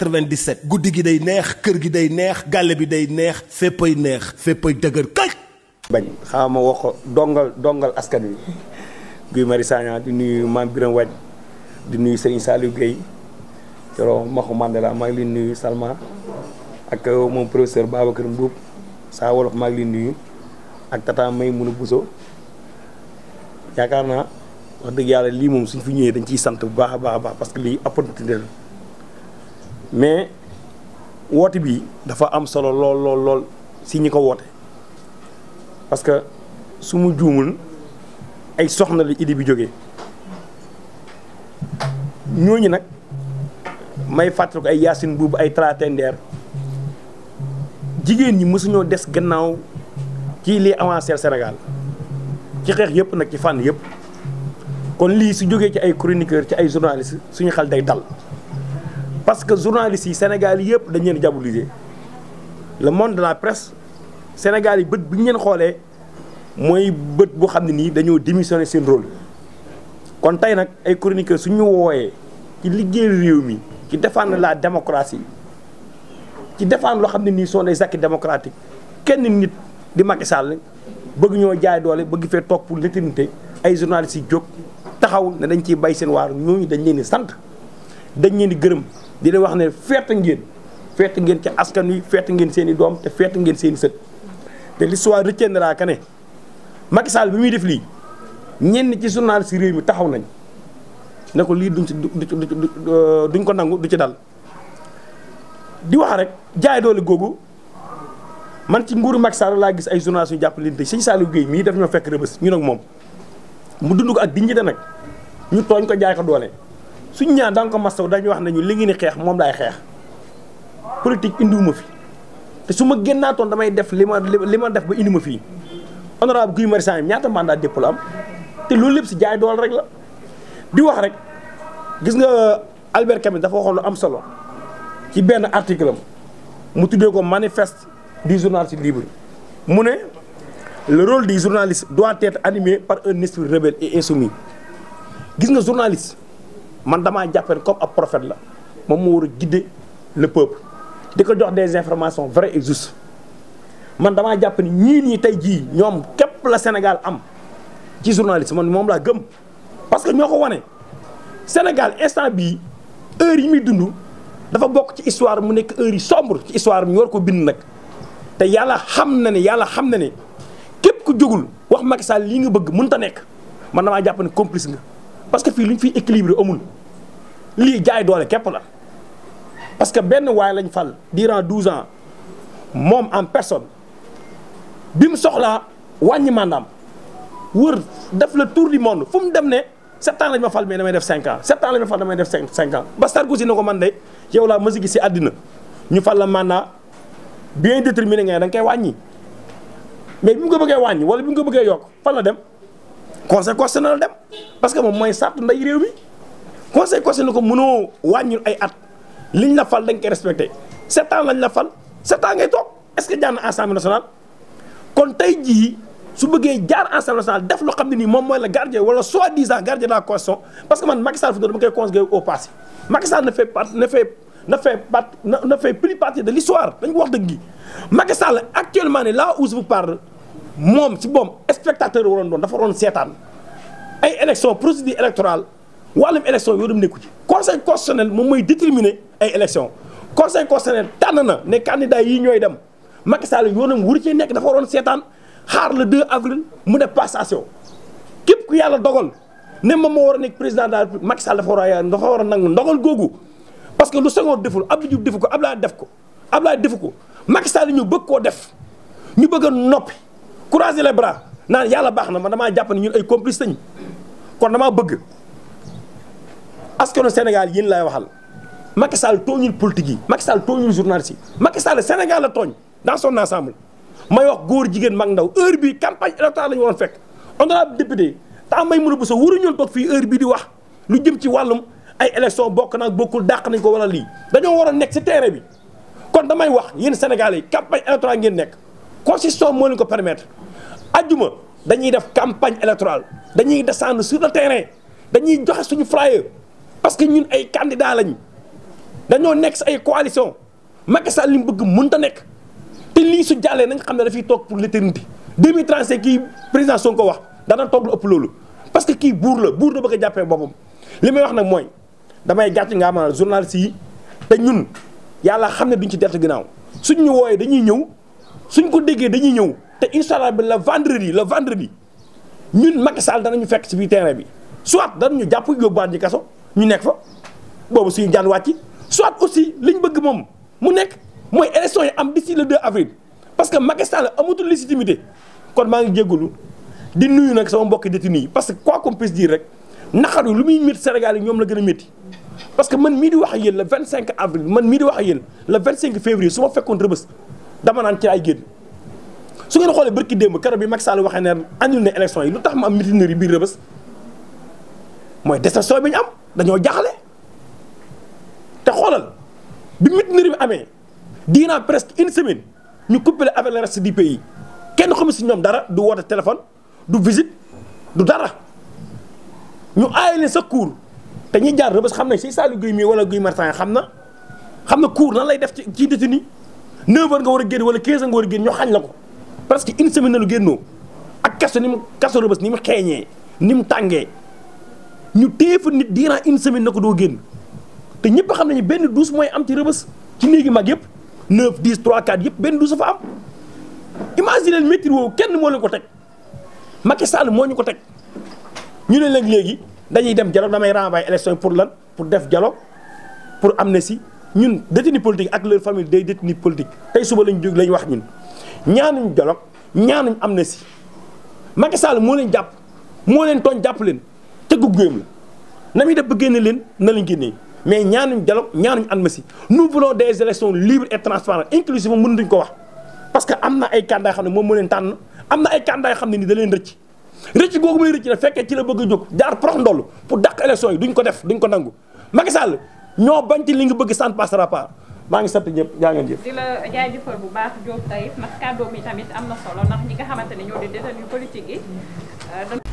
97 guddi gi day neex kër gi day neex gàlle bi day neex féppay neex féppay dëgër kay bañ xaaral ma wax ko dongal dongal askan wi Guy Marius Sagna di nuyu Mame Birame Wathie di nuyu Serigne Saliou Gueye Coro Maxu Mandela maa ngi leen nuyu Salma ak euh, moom professeur Babacar Mbuub saa wolof maa ngi leen nuyu ak tata may munu Buso yaakaar naa wax dëgg yàlla lii moom suñ fi ñëwee dañ ciy sant bu baax a baax a baax parce que lii opportunité la mais woote bi dafa am solo lool lool lool si ñi ko woote parce que su mu juumul ay soxna la idée bi jóge ñooñu nag may fàttali ko ay yaasin buubu ay tratendeer jigéen ñi mësuñoo des gannaaw ci lii avancé Sénégal ci xeex yëpp nag ci fànn yëpp kon lii su jógee ci ay chroniqueur ci ay journaliste suñu xel day dal parce que journalistes yi Sénégal yi yëpp dañ leen diaboliser le monde de la presse Sénégal yi bët bi ñu xoolee mooy bët boo xam ne nii dañoo démissionné seen rôle kon tey nag ay chroniqueurs suñu wooyee ci liggéeyu réew mi ci défendre la démocratie ci défendre loo xam ne nii sont des acquis démocratique kenn nit di Macky Sall bëgg ñoo jaay doole bëgg fee toog pour l'éternité ay journalistes yi jóg taxaw ne dañ ciy bay seen waar ñooñu dañ leen di sant dañ leen di gërëm di leen wax ne feet ngeen feete ngeen ca askan wi feete ngeen seeni doom te feete ngeen seen i sët te l'histoire retiendra que ne Macky Sall bi muy def lii ñenn ci journal si réew mi taxaw nañ ne ko lii duñ ci euh, duñ ko nangu du ci dal di wax rek jaay doole googu man ci nguuru Macky Sall laa gis ay journalistes yu jàppale te sëñ saalu Guèye mii daf ñoo fekk rëbës ñu nag moom mu dund ko ak dignité nag ñu tooñ ko jaay ko doole. suñ ñaan danga ko mastaw dañu wax nañu li ngi ni xeex moom laay xeex politique indiwuma fi te su ma génnaatoon damay def li ma li ma def ba indi ma fii honorable Guy Marius Sagna ñaata mandat dépp la am te loolu lépp si jaay doole rek la di wax rek gis nga Albert Camus dafa waxoon lu am solo ci benn article mu tuddee ko manifest di journaliste libre mu ne le rôle du journaliste doit être animé par un esprit rebelle et insoumis gis nga journaliste man damaa jàppale comme ab prophète la moom moo war a guider le peuple di ko jox des informations vrai et justes man damaa jàpp ni ñii nii tey jii ñoom képp la Sénégal am ci journaliste man moom laa gëm parce que ñoo ko wane Sénégal instant bi heure yi muy dund dafa bokk ci histoire mu nekk heure yi sombre ci histoire ñu war ko bind nag te yàlla xam na ne yàlla xam na ne képp ku jógul wax Macky Sall lii nga bëgg ta nekk man damaa jàpp ne complice nga parce que fii lu ñu fiy équilibré amul lii jaay doole képp la parce que benn waay lañ fal durant 12 ans moom en personne bi mu soxlaa wàññi mandaam wër def le tour du monde fu mu dem ne sept ans lañ ma fal mais damay def cinq ans sept ans lañ def cinq cinq ans na ko man de yow laa ma si gis si àddina ñu fal la mandat bien déterminé nga da nga koy wàññi mais bi mu ko bëggee wàññi wala bi mu ko bëggee yokk fan la dem. conseil na la dem parce que moom mooy sart nday réew mi conseil constitutionnel ko munoo wàññi ay at liñ la fal dañ koy respecté sept ans lañ la fal sept ans ngay toog est ce que jaar na assemblée nationale kon tey jii su bëggee jaar assemblée nationale def loo xam ne nii moom mooy la gardien wala soi-disant gardien de la constitution parce que man Macky Sall fu dama koy considéré au passé Macky Sall ne fait pas ne fait ne plus partie de l'histoire dañ ko wax dëgg gi Macky Sall actuellement ne là où je moom ci boom spectateur waroon doon dafa waroon seetaan ay élection procédure électorale wàllum élection yoo dem nekku ci conseil constitutionnel moom mooy déterminer ay élection conseil constitutionnel tànn na ne candidat yi ñooy dem Macky Sall yoonam wuri cee nekk dafa waroon seetaan xaar la 2 avril mu def passation képp ku yàlla dogal ne ma moo war a nekk président de la République Macky Sall dafa war a dafa nangu ndogal googu parce que lu Senghor deful Abdou Diouf defu ko Abdoulaye def ko Abdoulaye defu ko Macky Sall ñu bëgg koo def ñu bëgg a noppi croiser les bras naan yàlla baax na man damaa jàpp ñun ay complice lañu kon damaa bëgg askanu senegal yéen lay waxal Macky Sall tooñul politique yi Macky Sall tooñul journaliste yi Macky Sall Sénégal la tooñ dans son ensemble may wax góor jigéen mag ndaw heure bii campagne électorale la ñu woon fekk honorable député temps may mën a bësa waru ñoon toog fii heure bii di wax lu jëm ci wàllum ay élection bokk naag bokkul dàq nañ ko wala lii dañoo war a nekk si terrain bi kon damay wax yéen Sénégalais yi campagne ngeen nekk constitution moo leen ko permettre ajjuma dañuy def campagne électorale dañuy descendre sur le terrain dañuy joxe suñu flyer parce que ñun ay candidats lañu dañoo nekk si ay coalition Macky Sall li mu bëgg mënta nekk te lii su jàllee nañ xam ne dafay toog pour l'éternité 2035 kii président Sonko wax dana toog lu ëpp loolu parce que kii buur la buur la bëgg a jàppee boppam li may wax nag mooy damay gàcc nga xam ne journaliste yi te ñun yàlla xam ne duñ ci deltu ginnaaw suñ ñu wooyee dañuy ñëw. suñ ko déggee dañuy ñëw te incha allah bi la vendredi le vendredi ñun Macky dana ñu fekk si biir terrain bi soit ñu jàpp yóbbuwaat ñi kaso ñu nekk fa boobu suñu jaan wàcc soit aussi liñ bëgg moom mu nekk mooy élection yi am d'ici le 2 avril parce que Macky Sall amatul légitimité kon maa ngi jégalu di nuyu nag sama mbokki détenu yi parce que quoi qu'on puisse dire rek naqaru lu muy métti Sénégal yi ñoom la gën a métti parce que man mii di wax ak yéen le 25 avril man mii di wax ak yéen le 25 février su fekkoon rëbës dama naan ci ay génn su ngeen xoolee barki démb keroog bi mag Sall waxee ne annulé na élection yi lu tax mu am mutinerie biir rëbës mooy déception bi ñu am dañoo jaaxle te xoolal bi mutinerie bi amee diinaa presque une semaine ñu coupé avec le reste du pays kenn xamu si ñoom dara du woote téléphone du visite du dara ñu aaye leen sa kuur te ñuy jaar rëbës xam nañ si Saliou Guèye mii wala Guy Martin xam na xam na cour nan lay def ci ci nii 9 heures nga war a génn wala 15 heures nga war a génn ñoo xañ la ko presque une semaine na lu génnoo ak kaso ni mu kaso rëbës ni mu xeeñee ni tàngee ñu téye fa nit diirant une semaine na ko doo génn te ñëpp xam nañu benn douche mooy am ci rëbës ci néegi mag yëpp 9 10 3 4 yëpp benn douche fa am. imagine métti woowu kenn moo leen ko teg Macky Sall moo ñu ko teg ñu ne léegi léegi dañuy dem dialogue damay renvoyer élection pour lan pour def dialogue pour amnistie ñun détenu politique ak leur famille day détenu politique tey suba lañ jóg lañ wax ñun ñaanuñ dialogue ñaanuñ amnistie Macky Sall moo leen jàpp moo leen tooñ jàpp leen tëggu góoyam la na muy def ba na leen na leen génnee mais ñaanuñ dialogue ñaanuñ amnistie nous voulons des élections libres et transparentes inclusives mënutuñ ko wax parce que am na ay candidat yoo xam ne moom moo leen tànn am na ay candidat yoo xam ne ni da leen rëcc rëcc googu muy rëcc na fekkee ci la bëgg a jóg jaar prox ndoll pour dàq yi duñ ko def duñ ko nangu Macky Sall ñoo bañ ci li nga bëgg ça ne passera pas maa ngi sant ñëpp ñaa ngeen jëf. di la jaajëfal bu baax Diop Taïf ndax kàddoom yi tamit am na solo ndax ñi nga xamante ne ñoo di détenu politique yi. Euh,